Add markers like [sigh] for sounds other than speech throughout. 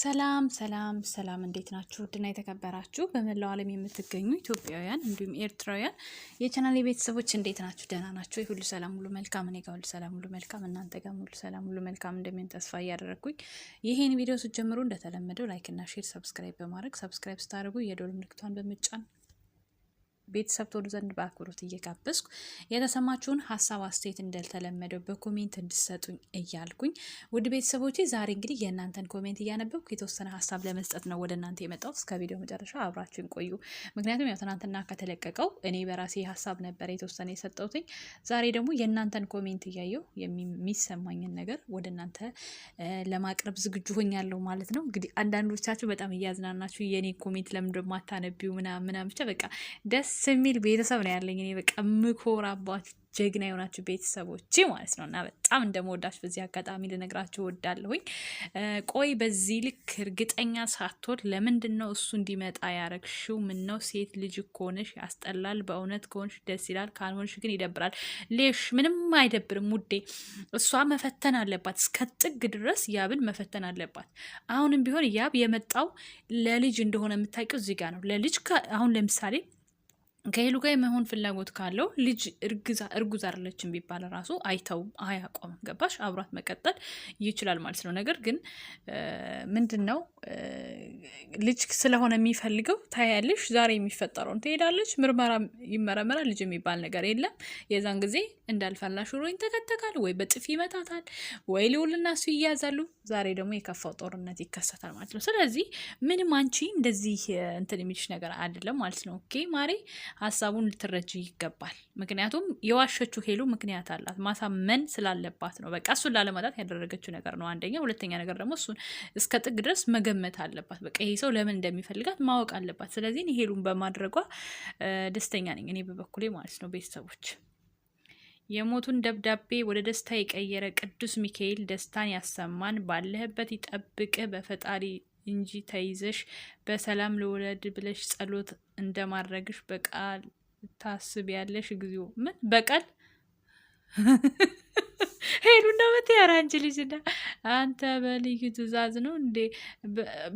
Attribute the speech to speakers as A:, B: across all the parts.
A: ሰላም ሰላም ሰላም፣ እንዴት ናችሁ? ውድና የተከበራችሁ በመላው ዓለም የምትገኙ ኢትዮጵያውያን እንዲሁም ኤርትራውያን የቻናል ቤተሰቦች እንዴት ናችሁ? ደህና ናችሁ? ሁሉ ሰላም ሁሉ መልካም፣ እኔ ጋር ሁሉ ሰላም ሁሉ መልካም፣ እናንተ ጋር ሁሉ ሰላም ሁሉ መልካም እንደሚሆን ተስፋ እያደረግኩኝ ይህን ቪዲዮ ስትጀምሩ እንደተለመደው ላይክ እና ሼር፣ ሰብስክራይብ በማድረግ ሰብስክራይብ ስታደርጉ የዶል ምልክቷን በመጫን ቤተሰብ ትሆኑ ዘንድ በአክብሮት እየጋበዝኩ የተሰማችሁን ሀሳብ አስተያየት እንደልተለመደው በኮሜንት እንድሰጡኝ እያልኩኝ ውድ ቤተሰቦቼ ዛሬ እንግዲህ የእናንተን ኮሜንት እያነበብኩ የተወሰነ ሀሳብ ለመስጠት ነው ወደ እናንተ የመጣሁት። እስከ ቪዲዮ መጨረሻ አብራችን ቆዩ። ምክንያቱም ያው ትናንትና ከተለቀቀው እኔ በራሴ ሀሳብ ነበር የተወሰነ የሰጠሁትኝ። ዛሬ ደግሞ የእናንተን ኮሜንት እያየሁ የሚሰማኝን ነገር ወደ እናንተ ለማቅረብ ዝግጁ ሆኛለሁ ማለት ነው። እንግዲህ አንዳንዶቻችሁ በጣም እያዝናናችሁ የእኔ ኮሜንት ለምንድን ማታነቢው ምናምን ብቻ በቃ ደስ የሚል ቤተሰብ ነው ያለኝ እኔ በቃ ምኮራባችሁ ጀግና የሆናችሁ ቤተሰቦች ማለት ነው። እና በጣም እንደመወዳችሁ በዚህ አጋጣሚ ልነግራችሁ ወዳለሁኝ። ቆይ በዚህ ልክ እርግጠኛ ሳትሆን ለምንድን ነው እሱ እንዲመጣ ያረግሽው? ምነው ሴት ልጅ ከሆነሽ ያስጠላል። በእውነት ከሆንሽ ደስ ይላል፣ ካልሆንሽ ግን ይደብራል። ሌሽ ምንም አይደብርም ውዴ። እሷ መፈተን አለባት፣ እስከ ጥግ ድረስ ያብን መፈተን አለባት። አሁንም ቢሆን ያብ የመጣው ለልጅ እንደሆነ የምታውቂው እዚህ ጋር ነው። ለልጅ አሁን ለምሳሌ ከሄሉ ጋር የመሆን ፍላጎት ካለው ልጅ እርጉዝ አይደለችም ቢባል ራሱ አይተውም አያቆምም። ገባሽ? አብሯት መቀጠል ይችላል ማለት ነው። ነገር ግን ምንድን ነው ልጅ ስለሆነ የሚፈልገው ታያለሽ፣ ዛሬ የሚፈጠረውን ትሄዳለች፣ ምርመራ ይመረመራል። ልጅ የሚባል ነገር የለም። የዛን ጊዜ እንዳልፈላሽ ሮ ይንተከተካል፣ ወይ በጥፊ ይመታታል፣ ወይ ልውልና እሱ ይያዛሉ። ዛሬ ደግሞ የከፋው ጦርነት ይከሰታል ማለት ነው። ስለዚህ ምንም አንቺ እንደዚህ እንትን የሚልሽ ነገር አይደለም ማለት ነው። ኦኬ ማሬ ሀሳቡን ልትረጅ ይገባል። ምክንያቱም የዋሸችው ሄሉ ምክንያት አላት፣ ማሳመን ስላለባት ነው። በቃ እሱን ላለማጣት ያደረገችው ነገር ነው አንደኛ። ሁለተኛ ነገር ደግሞ እሱን እስከ ጥግ ድረስ መገመት አለባት። በቃ ይሄ ሰው ለምን እንደሚፈልጋት ማወቅ አለባት። ስለዚህ ሄሉን በማድረጓ ደስተኛ ነኝ እኔ በበኩሌ ማለት ነው ቤተሰቦች የሞቱን ደብዳቤ ወደ ደስታ የቀየረ ቅዱስ ሚካኤል ደስታን ያሰማን፣ ባለህበት ይጠብቅ በፈጣሪ እንጂ ተይዘሽ በሰላም ልውለድ ብለሽ ጸሎት እንደማድረግሽ በቃል ታስብ ያለሽ እግዚኦ ምን በቃል ሄዱና እንደመት አንቺ ልጅ አንተ በልዩ ትእዛዝ ነው እንዴ?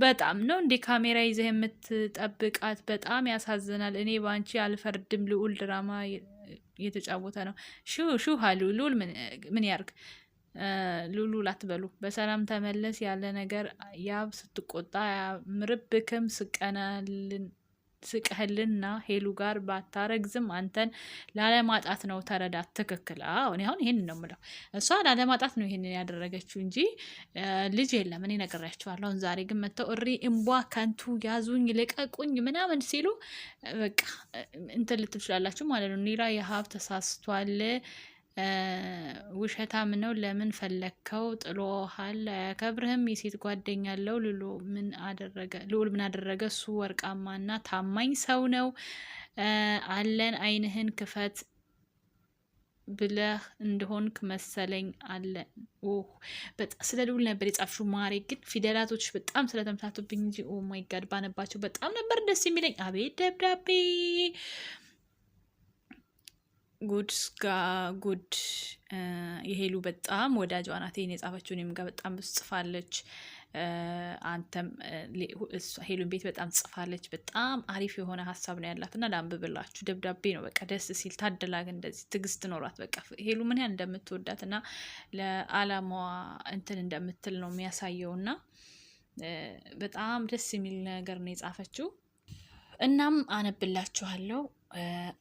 A: በጣም ነው እንዴ ካሜራ ይዘህ የምትጠብቃት? በጣም ያሳዝናል። እኔ በአንቺ አልፈርድም። ልዑል ድራማ የተጫወተ ነው ሹ ሹ ልዑል ምን ያርግ? ሉሉ ላትበሉ በሰላም ተመለስ ያለ ነገር ያብ ስትቆጣ ምርብክም ስቀህልና ሄሉ ጋር ባታረግዝም አንተን ላለማጣት ነው። ተረዳት። ትክክል። አዎ እኔ አሁን ይህን ነው የምለው። እሷ ላለማጣት ነው ይህንን ያደረገችው እንጂ ልጅ የለም። እኔ አሁን ዛሬ ግን መጥተው እሪ እምቧ፣ ከንቱ፣ ያዙኝ፣ ልቀቁኝ ምናምን ሲሉ በቃ እንትን ልትችላላችሁ ማለት ነው። ኒራ የሀብ ተሳስቷል ውሸታም ነው፣ ለምን ፈለግከው? ጥሎሃል፣ አያከብርህም። የሴት ጓደኛ አለው። ልዑል ምን አደረገ? እሱ ወርቃማና ታማኝ ሰው ነው አለን። አይንህን ክፈት ብለህ እንደሆንክ መሰለኝ አለን። ስለ ልዑል ነበር የጻፍሽው ማሬ፣ ግን ፊደላቶች በጣም ስለተምታቱብኝ እንጂ ኦ ማይ ጋድ ባነባቸው በጣም ነበር ደስ የሚለኝ። አቤት ደብዳቤ ጉድ ጉድ የሄሉ በጣም ወዳጅ ዋናት ይህን የጻፈችው እኔም ጋር በጣም ብዙ ጽፋለች። አንተም ሄሉን ቤት በጣም ጽፋለች። በጣም አሪፍ የሆነ ሀሳብ ነው ያላት እና ለአንብብላችሁ ደብዳቤ ነው በቃ ደስ ሲል ታደላግ እንደዚህ ትግስት ኖሯት በቃ ሄሉ ምን ያህል እንደምትወዳት እና ለአላማዋ እንትን እንደምትል ነው የሚያሳየው እና በጣም ደስ የሚል ነገር ነው የጻፈችው። እናም አነብላችኋለሁ።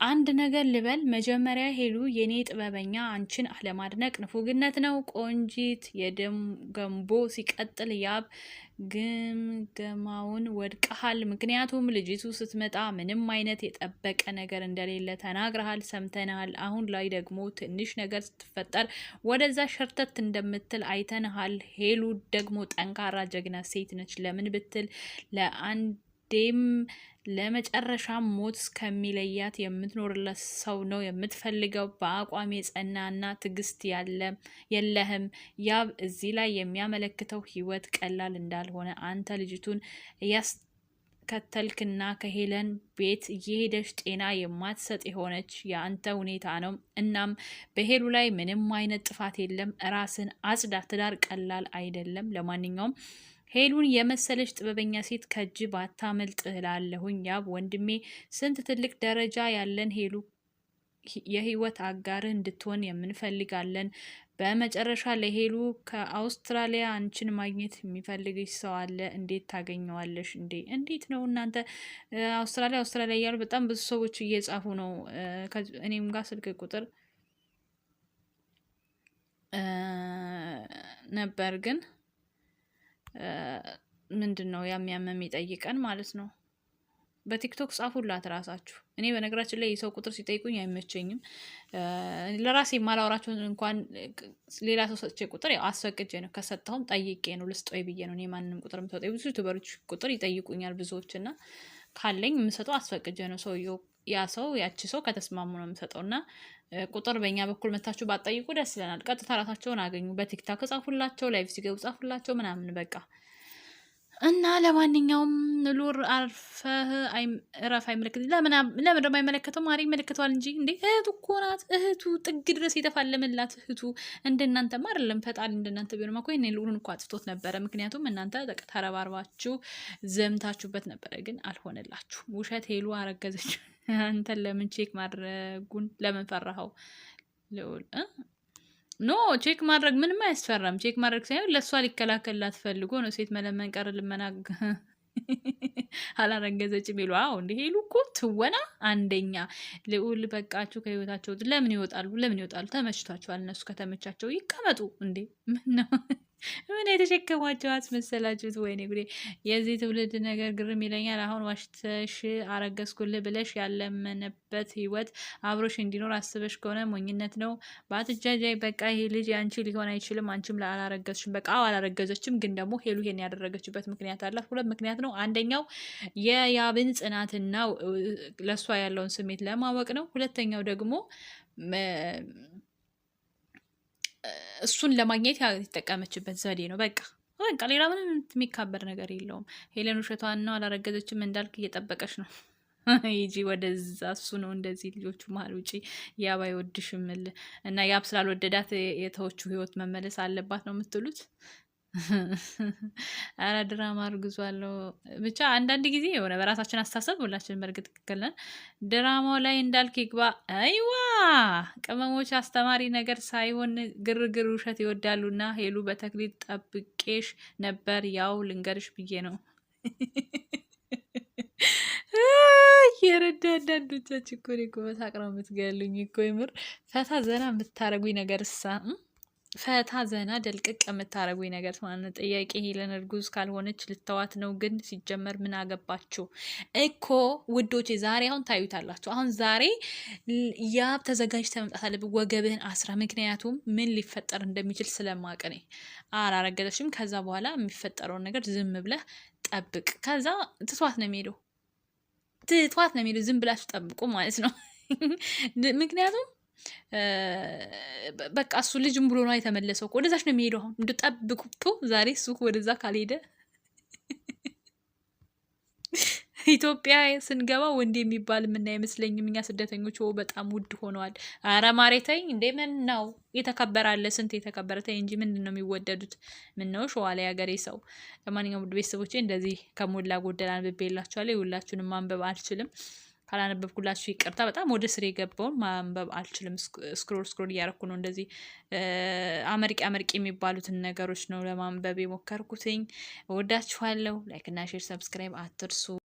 A: አንድ ነገር ልበል። መጀመሪያ ሄሉ የኔ ጥበበኛ አንቺን አለማድነቅ ንፉግነት ነው። ቆንጂት የደም ገንቦ ሲቀጥል ያብ ግምገማውን ወድቀሃል። ምክንያቱም ልጅቱ ስትመጣ ምንም አይነት የጠበቀ ነገር እንደሌለ ተናግረሃል፣ ሰምተናል አሁን ላይ ደግሞ ትንሽ ነገር ስትፈጠር ወደዛ ሸርተት እንደምትል አይተንሃል። ሄሉ ደግሞ ጠንካራ ጀግና ሴት ነች። ለምን ብትል ለአንድ ሁልጊዜም ለመጨረሻ ሞት እስከሚለያት የምትኖርለት ሰው ነው የምትፈልገው። በአቋም የጸናና ትዕግስት የለህም። ያብ እዚህ ላይ የሚያመለክተው ህይወት ቀላል እንዳልሆነ አንተ ልጅቱን እያስከተልክና ከሄለን ቤት እየሄደች ጤና የማትሰጥ የሆነች የአንተ ሁኔታ ነው። እናም በሄሉ ላይ ምንም አይነት ጥፋት የለም። ራስን አጽዳ። ትዳር ቀላል አይደለም። ለማንኛውም ሄሉን የመሰለች ጥበበኛ ሴት ከእጅ ባታመልጥ እላለሁኝ። ያብ ወንድሜ፣ ስንት ትልቅ ደረጃ ያለን ሄሉ የህይወት አጋርህ እንድትሆን የምንፈልጋለን። በመጨረሻ ለሄሉ ከአውስትራሊያ አንቺን ማግኘት የሚፈልግሽ ሰው አለ። እንዴት ታገኘዋለሽ? እንዴ እንዴት ነው እናንተ አውስትራሊያ አውስትራሊያ እያሉ በጣም ብዙ ሰዎች እየጻፉ ነው። እኔም ጋር ስልክ ቁጥር ነበር ግን ምንድን ነው ያሚያመም ይጠይቀን ማለት ነው። በቲክቶክ ጻፉላት ራሳችሁ። እኔ በነገራችን ላይ የሰው ቁጥር ሲጠይቁኝ አይመቸኝም። ለራሴ የማላወራቸውን እንኳን ሌላ ሰው ሰጥቼ ቁጥር ያው አስፈቅጄ ነው። ከሰጠሁም ጠይቄ ነው ልስጦ ብዬ ነው። እኔ ማንም ቁጥር የምሰጠው ብዙ ዩቱበሮች ቁጥር ይጠይቁኛል ብዙዎች እና ካለኝ የምሰጠው አስፈቅጄ ነው። ሰውየው ያ ሰው ያቺ ሰው ከተስማሙ ነው የምሰጠው እና ቁጥር በእኛ በኩል መታችሁ ባጠይቁ ደስ ይለናል። ቀጥታ ራሳቸውን አገኙ። በቲክታክ ጻፉላቸው፣ ላይቭ ሲገቡ ጻፉላቸው ምናምን በቃ እና ለማንኛውም ሉር አርፈህ እረፍ። አይመለከት ለምን ደግሞ አይመለከተው? ማሪ ይመለከተዋል እንጂ እንዴ እህቱ እኮ ናት። እህቱ ጥግ ድረስ የተፋለመላት እህቱ። እንደናንተማ አይደለም ፈጣሪ እንደናንተ ቢሆንማ እኮ ይሄን ሉርን እኮ አጥፍቶት ነበረ። ምክንያቱም እናንተ ተረባርባችሁ ዘምታችሁበት ነበረ፣ ግን አልሆነላችሁ። ውሸት ሄሉ አረገዘች። [laughs] አንተን ለምን ቼክ ማድረጉን ለምን ፈራኸው ልዑል? ኖ ቼክ ማድረግ ምንም አያስፈራም። ቼክ ማድረግ ሳይሆን ለእሷ ሊከላከልላት ፈልጎ ነው። ሴት መለመን ቀር ልመና [laughs] አላረገዘችም ይሉ። አዎ እንደ ሄሉ እኮ ትወና አንደኛ ልዑል በቃችሁ፣ ከህይወታቸው ለምን ይወጣሉ? ለምን ይወጣሉ? ተመችቷቸዋል። እነሱ ከተመቻቸው ይቀመጡ እንዴ ምን ነው ምን የተሸከማቸው አስመሰላችሁት? ወይኔ ጉዴ! የዚህ ትውልድ ነገር ግርም ይለኛል። አሁን ዋሽተሽ አረገዝኩልህ ብለሽ ያለመነበት ህይወት አብሮሽ እንዲኖር አስበሽ ከሆነ ሞኝነት ነው። በአትጃጃይ በቃ ይሄ ልጅ አንቺ ሊሆን አይችልም። አንቺም አላረገዝሽም። በቃ አላረገዘችም። ግን ደግሞ ሄሉ ይሄን ያደረገችበት ምክንያት አላት። ሁለት ምክንያት ነው። አንደኛው የያብን ጽናትና ለእሷ ያለውን ስሜት ለማወቅ ነው። ሁለተኛው ደግሞ እሱን ለማግኘት የተጠቀመችበት ዘዴ ነው። በቃ በቃ ሌላ ምንም የሚካበር ነገር የለውም። ሄለን ውሸቷን ነው፣ አላረገዘችም እንዳልክ እየጠበቀች ነው ይጂ [laughs] ወደዛ እሱ ነው እንደዚህ ልጆቹ መሀል ውጪ ያብ አይወድሽም እና ያብ ስላልወደዳት የተዎቹ ህይወት መመለስ አለባት ነው የምትሉት? [laughs] አረ ድራማ አርግዟለሁ። ብቻ አንዳንድ ጊዜ የሆነ በራሳችን አስተሳሰብ ሁላችን በእርግጥ ትክክል ነን። ድራማው ላይ እንዳልክ ይግባ አይዋ ቅመሞች አስተማሪ ነገር ሳይሆን ግርግር ውሸት ይወዳሉና ሄሉ በተክሊል ጠብቄሽ ነበር። ያው ልንገርሽ ብዬ ነው። የረዳ አንዳንዶቻችን እኮ እኔ እኮ በሳቅ ነው የምትገሉኝ እኮ የምር ፈታ ዘና የምታረጉኝ ነገር እሳ ፈታ ዘና ደልቅቅ የምታደርጉኝ ነገር ማለት ጥያቄ ሄለን እርጉዝ ካልሆነች ልተዋት ነው። ግን ሲጀመር ምን አገባችሁ እኮ ውዶቼ። ዛሬ አሁን ታዩታላችሁ። አሁን ዛሬ ያ ተዘጋጅ መምጣት አለብህ፣ ወገብህን አስራ። ምክንያቱም ምን ሊፈጠር እንደሚችል ስለማቅ እኔ አላረገዘችም። ከዛ በኋላ የሚፈጠረውን ነገር ዝም ብለህ ጠብቅ። ከዛ ትቷት ነው የሚሄደው፣ ትቷት ነው የሚሄደው። ዝም ብላችሁ ጠብቁ ማለት ነው ምክንያቱም በቃ እሱ ልጅም ብሎ ነው የተመለሰው ወደዛች ነው የሚሄደው። አሁን እንድጠብቁቶ ዛሬ እሱ ወደዛ ካልሄደ [laughs] ኢትዮጵያ ስንገባ ወንድ የሚባል ምና አይመስለኝም። እኛ ስደተኞች በጣም ውድ ሆነዋል። አረ ማሬ ተኝ እንዴ! ምን ነው የተከበራለ ስንት የተከበረ እንጂ ምንድን ነው የሚወደዱት? ምን ነው ሸዋ ላይ ሀገሬ ሰው። ለማንኛውም ውድ ቤተሰቦቼ እንደዚህ ከሞላ ጎደል አንብቤላችኋለሁ። የሁላችሁንም ማንበብ አልችልም። ካላነበብኩላችሁ ይቅርታ። በጣም ወደ ስር የገባውን ማንበብ አልችልም። ስክሮል ስክሮል እያረኩ ነው። እንደዚህ አመርቂ አመርቂ የሚባሉትን ነገሮች ነው ለማንበብ የሞከርኩትኝ። ወዳችኋለሁ። ላይክና ሼር ሰብስክራይብ አትርሱ።